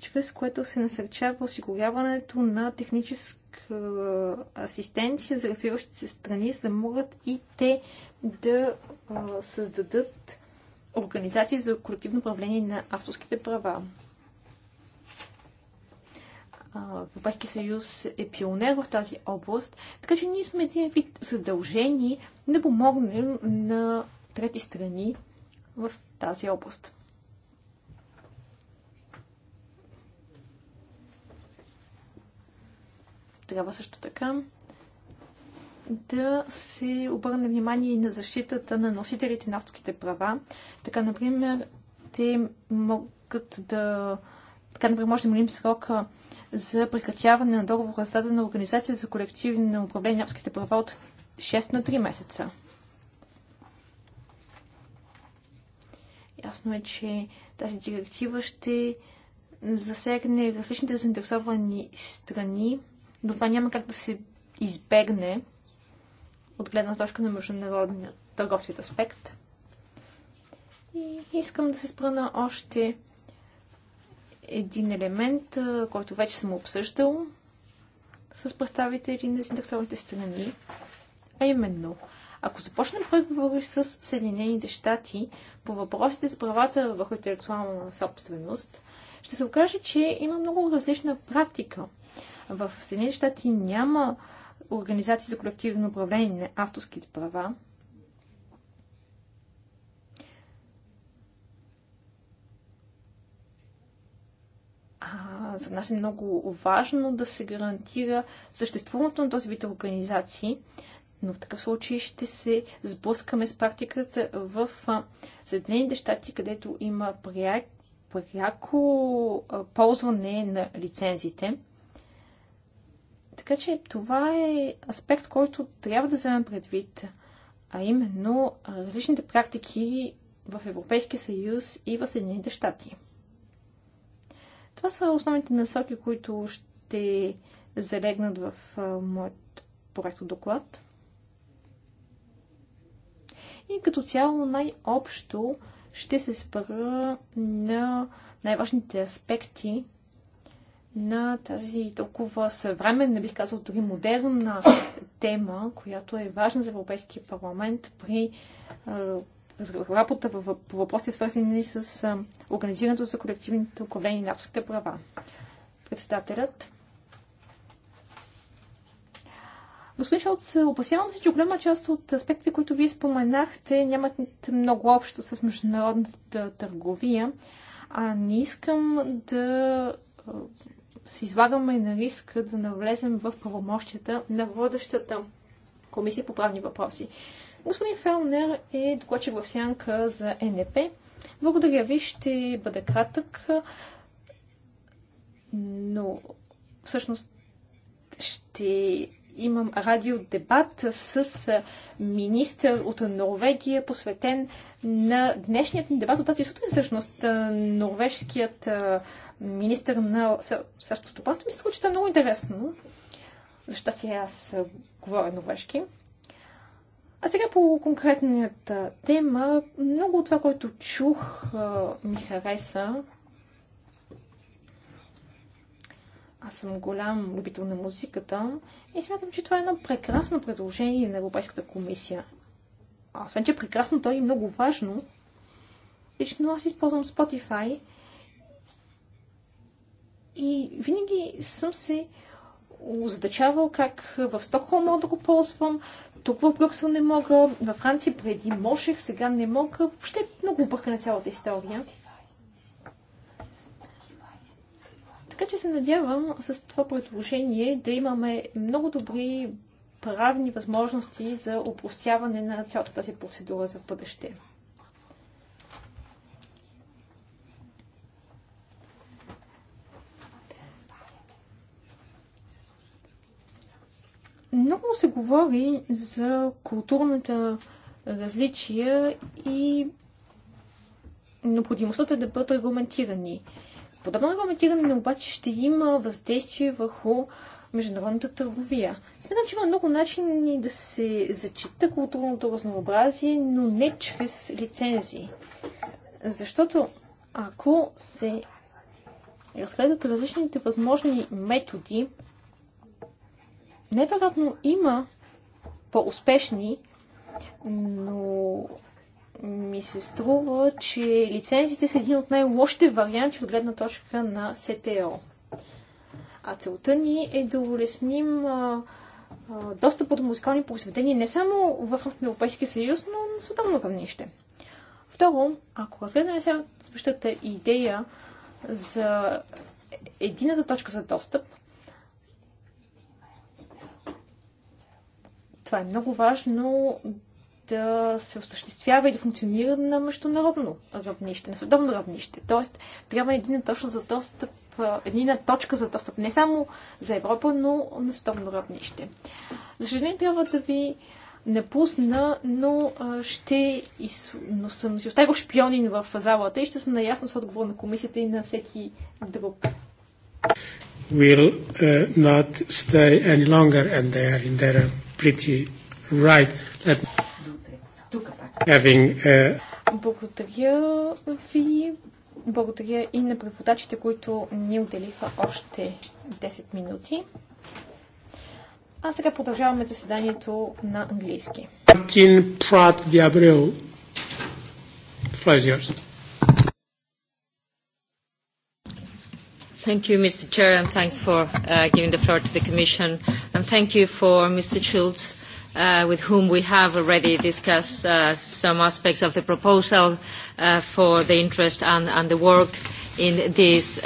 чрез което се насърчава осигуряването на техническа асистенция за развиващите се страни, за да могат и те да създадат организации за колективно управление на авторските права. Европейския съюз е пионер в тази област, така че ние сме един вид задължени да помогнем на трети страни в тази област. Трябва също така да се обърне внимание и на защитата на носителите на авторските права. Така, например, те могат да. Така, например, може да намалим срока за прекратяване на договора с дадена организация за колективно управление на авторските права от 6 на 3 месеца. Ясно е, че тази директива ще засегне различните заинтересовани страни но това няма как да се избегне от гледна точка на международния търговски аспект. И искам да се спра на още един елемент, който вече съм обсъждал с представители на заинтересованите страни, а именно, ако започнем преговори с Съединените щати по въпросите с правата върху интелектуална собственост, ще се окаже, че има много различна практика. В Съединените щати няма организации за колективно управление на авторските права. А, за нас е много важно да се гарантира съществуването на този вид организации, но в такъв случай ще се сблъскаме с практиката в Съединените щати, където има пряко ползване на лицензите. Така че това е аспект, който трябва да вземем предвид, а именно различните практики в Европейския съюз и в Съединените щати. Това са основните насоки, които ще залегнат в моят проект доклад. И като цяло най-общо ще се спра на най-важните аспекти на тази толкова съвременна, бих казал дори модерна тема, която е важна за Европейския парламент при работа по въпроси, свързани с организирането за колективните управления на авторските права. Председателят. Господин Шолц, опасявам се, че голяма част от аспектите, които вие споменахте, нямат много общо с международната търговия. А не искам да се излагаме на риск да навлезем в правомощията на водещата комисия по правни въпроси. Господин Фелнер е докладчик в сянка за НП. Благодаря ви, ще бъда кратък, но всъщност ще имам радиодебат с министър от Норвегия, посветен на днешният ни дебат от тази сутрин, всъщност, норвежският министър на сърското стопанство. Мисля, че е много интересно. Защо си аз говоря норвежки? А сега по конкретната тема, много от това, което чух, ми хареса. Аз съм голям любител на музиката и смятам, че това е едно прекрасно предложение на Европейската комисия. А освен, че е прекрасно, то е и много важно. Лично аз използвам Spotify и винаги съм се озадачавал как в Стокхолм мога да го ползвам, тук в Брюксел не мога, във Франция преди можех, сега не мога. Въобще много на цялата история. Така че се надявам с това предложение да имаме много добри правни възможности за опростяване на цялата тази процедура за бъдеще. Много се говори за културната различия и необходимостта да бъдат регламентирани. Подобно регламентиране обаче ще има въздействие върху международната търговия. Смятам, че има много начини да се зачита културното разнообразие, но не чрез лицензии. Защото ако се разгледат различните възможни методи, невероятно има по-успешни, но ми се струва, че лицензите са един от най-лошите варианти от гледна точка на СТО. А целта ни е да улесним а, достъпа до музикални произведения не само в Европейския съюз, но на световно равнище. Второ, ако разгледаме сега същата идея за едината точка за достъп, това е много важно да се осъществява и да функционира на международно равнище, на световно равнище. Тоест, трябва едина точно за достъп, едина точка за достъп не само за Европа, но на световно равнище. За съжаление, трябва да ви напусна, но ще из... но съм си оставил шпионин в залата и ще съм наясно с отговор на комисията и на всеки друг. We'll uh, not stay any longer and they are in their pretty right. Let having, uh... Благодаря ви. Благодаря и на преводачите, които ни отделиха още 10 минути. А сега продължаваме заседанието на английски. Мартин Прат Диабрел. Thank you, Mr. Chair, and thanks for uh, giving the floor to the Commission. And thank you for Mr. Schultz with whom we have already discussed some aspects of the proposal for the interest and the work in this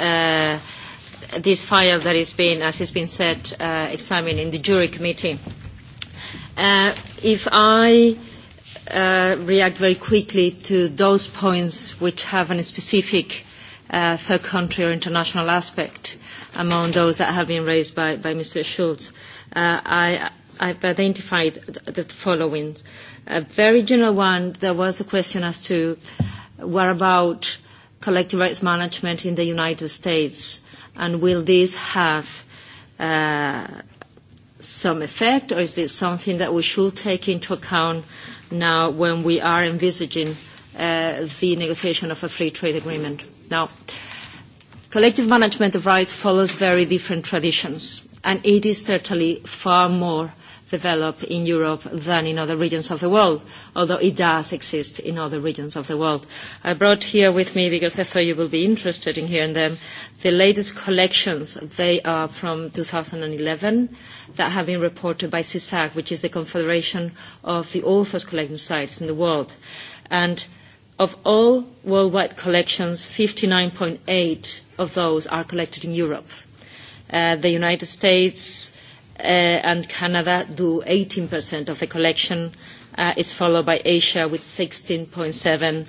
file that is being, as has been said, examined in the jury committee. If I react very quickly to those points which have a specific third country or international aspect among those that have been raised by Mr. Schulz, I I've identified the following. A very general one, there was a question as to what about collective rights management in the United States, and will this have uh, some effect, or is this something that we should take into account now when we are envisaging uh, the negotiation of a free trade agreement? Now, collective management of rights follows very different traditions, and it is certainly far more develop in Europe than in other regions of the world, although it does exist in other regions of the world. I brought here with me, because I thought you will be interested in hearing them, the latest collections. They are from 2011 that have been reported by CISAC, which is the Confederation of the Authors Collecting Sites in the world. And of all worldwide collections, 59.8 of those are collected in Europe. Uh, the United States and Canada do 18% of the collection, is followed by Asia with 16.7%,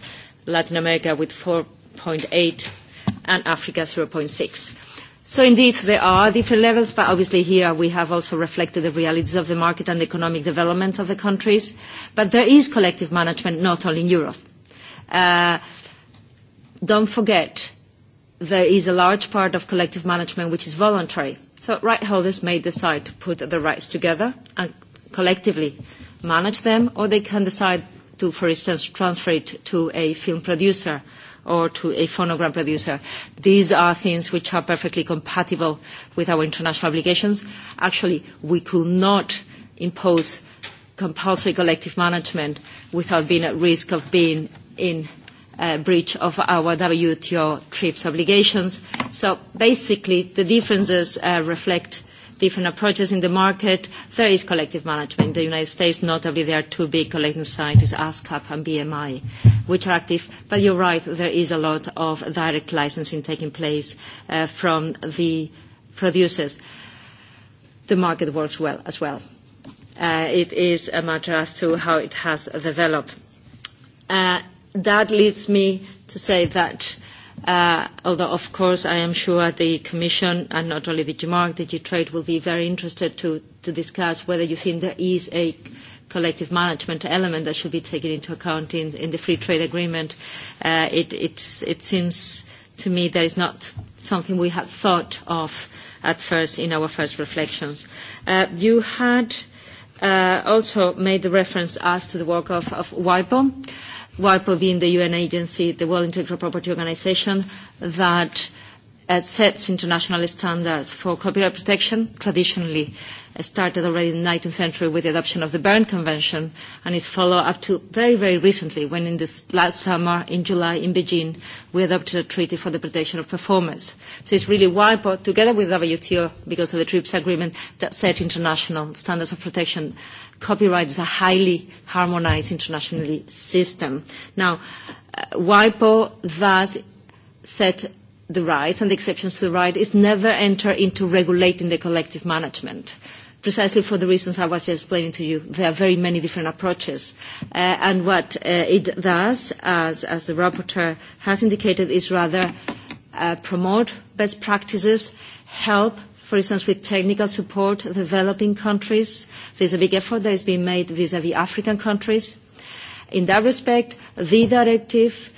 Latin America with 4.8%, and Africa 0.6%. So indeed, there are different levels, but obviously here we have also reflected the realities of the market and the economic development of the countries. But there is collective management not only in Europe. Uh, don't forget, there is a large part of collective management which is voluntary So right holders may decide to put the rights together and collectively manage them, or they can decide to, for instance, transfer it to a film producer or to a phonogram producer. These are things which are perfectly compatible with our international obligations. Actually, we could not impose compulsory collective management without being at risk of being in breach of our WTO TRIPS obligations. So basically, the differences reflect different approaches in the market. There is collective management. In the United States, notably, there are two big collecting societies, ASCAP and BMI, which are active. But you're right, there is a lot of direct licensing taking place from the producers. The market works well as well. It is a matter as to how it has developed that leads me to say that uh, although of course I am sure the Commission and not only the GMARC, the G-Trade will be very interested to, to discuss whether you think there is a collective management element that should be taken into account in, in the free trade agreement. Uh, it, it's, it seems to me that is not something we had thought of at first in our first reflections. Uh, you had uh, also made the reference as to the work of, of WIPO WIPO being the UN agency, the World Intellectual Property Organization, that uh, sets international standards for copyright protection, traditionally started already in the 19th century with the adoption of the Berne Convention and is followed up to very, very recently when in this last summer in July in Beijing we adopted a treaty for the protection of performers. So it's really WIPO together with WTO because of the TRIPS agreement that set international standards of protection copyright is a highly harmonized international system. Now, uh, WIPO thus set the rights and the exceptions to the right is never enter into regulating the collective management. Precisely for the reasons I was just explaining to you, there are very many different approaches. Uh, and what uh, it does, as, as the rapporteur has indicated, is rather uh, promote best practices, help for instance, with technical support, developing countries. There's a big effort that is being made vis-à-vis African countries. In that respect, the directive,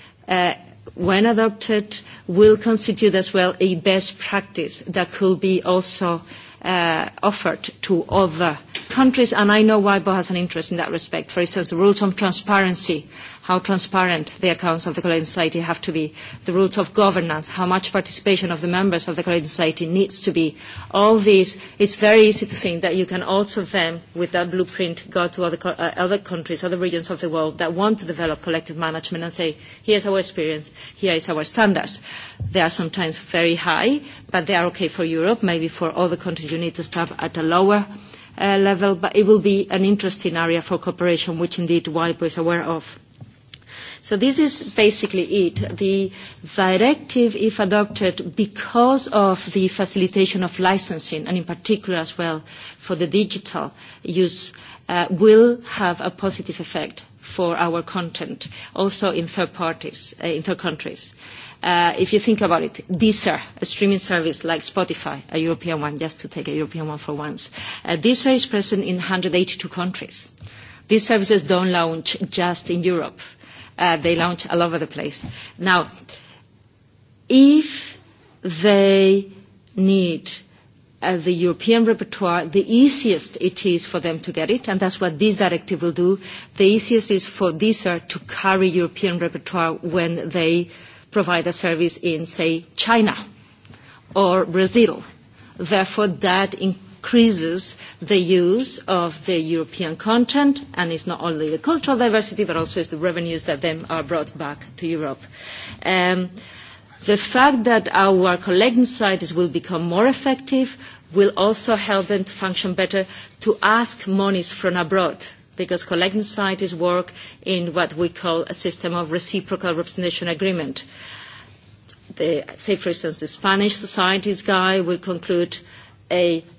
when adopted, will constitute as well a best practice that could be also offered to other countries, and I know WIPO has an interest in that respect. For instance, the rules on transparency how transparent the accounts of the Collegium Society have to be, the rules of governance, how much participation of the members of the Collegium Society needs to be. All these, it's very easy to think that you can also then, with that blueprint, go to other, uh, other countries, other regions of the world that want to develop collective management and say, here's our experience, here is our standards. They are sometimes very high, but they are okay for Europe. Maybe for other countries you need to start at a lower uh, level, but it will be an interesting area for cooperation, which indeed WIPO is aware of. So this is basically it. The directive, if adopted because of the facilitation of licensing, and in particular as well for the digital use, uh, will have a positive effect for our content, also in third parties, uh, in third countries. Uh, if you think about it, Deezer, a streaming service like Spotify, a European one, just to take a European one for once, uh, Deezer is present in 182 countries. These services don't launch just in Europe they launch all over the place. Now, if they need the European repertoire, the easiest it is for them to get it, and that's what this directive will do. The easiest is for DISA to carry European repertoire when they provide a service in, say, China or Brazil. Therefore, that in increases the use of the European content, and it's not only the cultural diversity, but also it's the revenues that then are brought back to Europe. the fact that our collecting societies will become more effective will also help them to function better to ask monies from abroad because collecting societies work in what we call a system of reciprocal representation agreement. The, say, for instance, the Spanish Societies guy will conclude a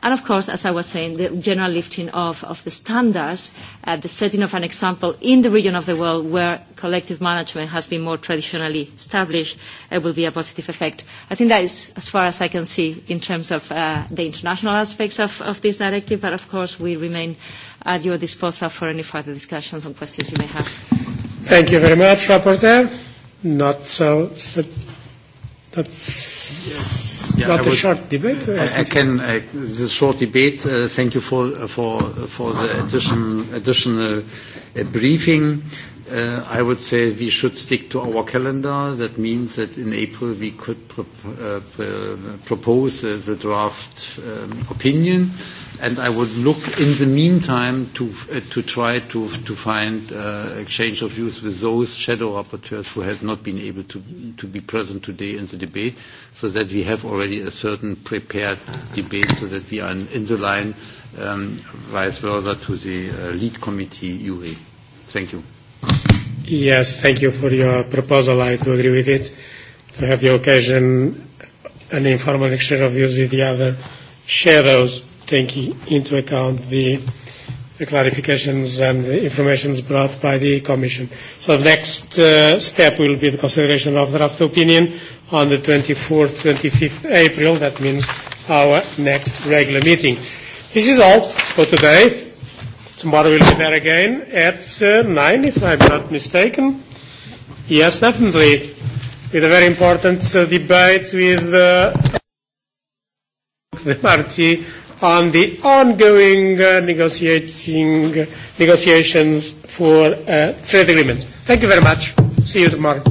And of course, as I was saying, the general lifting of, of the standards, uh, the setting of an example in the region of the world where collective management has been more traditionally established it will be a positive effect. I think that is as far as I can see in terms of uh, the international aspects of, of this directive, but of course we remain at your disposal for any further discussions on questions you may have. Thank you very much, Rapporteur. Not so, so That's yeah, not I a would, short debate. I, I can uh, the short debate. Uh, thank you for for for the addition, additional uh, briefing. I would say we should stick to our calendar. That means that in April we could propose the draft opinion, and I would look in the meantime to try to find exchange of views with those shadow rapporteurs who have not been able to be present today in the debate, so that we have already a certain prepared debate, so that we are in the line, vice versa to the lead committee, Juri. Thank you. Yes, thank you for your proposal. I do agree with it. To have the occasion, an informal exchange of views with the other shadows, taking into account the, the clarifications and the informations brought by the Commission. So the next uh, step will be the consideration of draft opinion on the 24th, 25th April. That means our next regular meeting. This is all for today. Tomorrow we'll be there again at uh, 9, if I'm not mistaken. Yes, definitely. With a very important uh, debate with uh, the party on the ongoing uh, negotiating, negotiations for a trade agreement. Thank you very much. See you tomorrow.